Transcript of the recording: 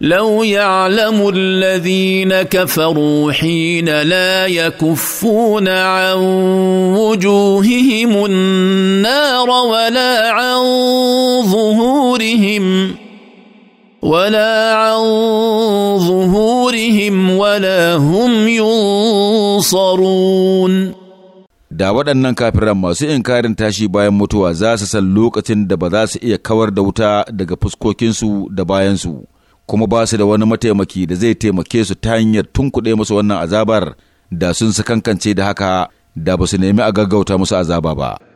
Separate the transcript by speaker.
Speaker 1: لو يعلم الذين كفروا حين لا يكفون عن وجوههم النار ولا عن ظهورهم ولا عن ظهورهم ولا هم
Speaker 2: ينصرون da waɗannan kafiran masu inkarin tashi bayan mutuwa za su san lokacin da ba za su iya kawar da wuta daga fuskokinsu da bayansu kuma ba su da wani mataimaki da zai taimake su ta hanyar tunkuɗe musu wannan azabar da sun su kankance da haka da ba su nemi a gaggauta musu azaba ba.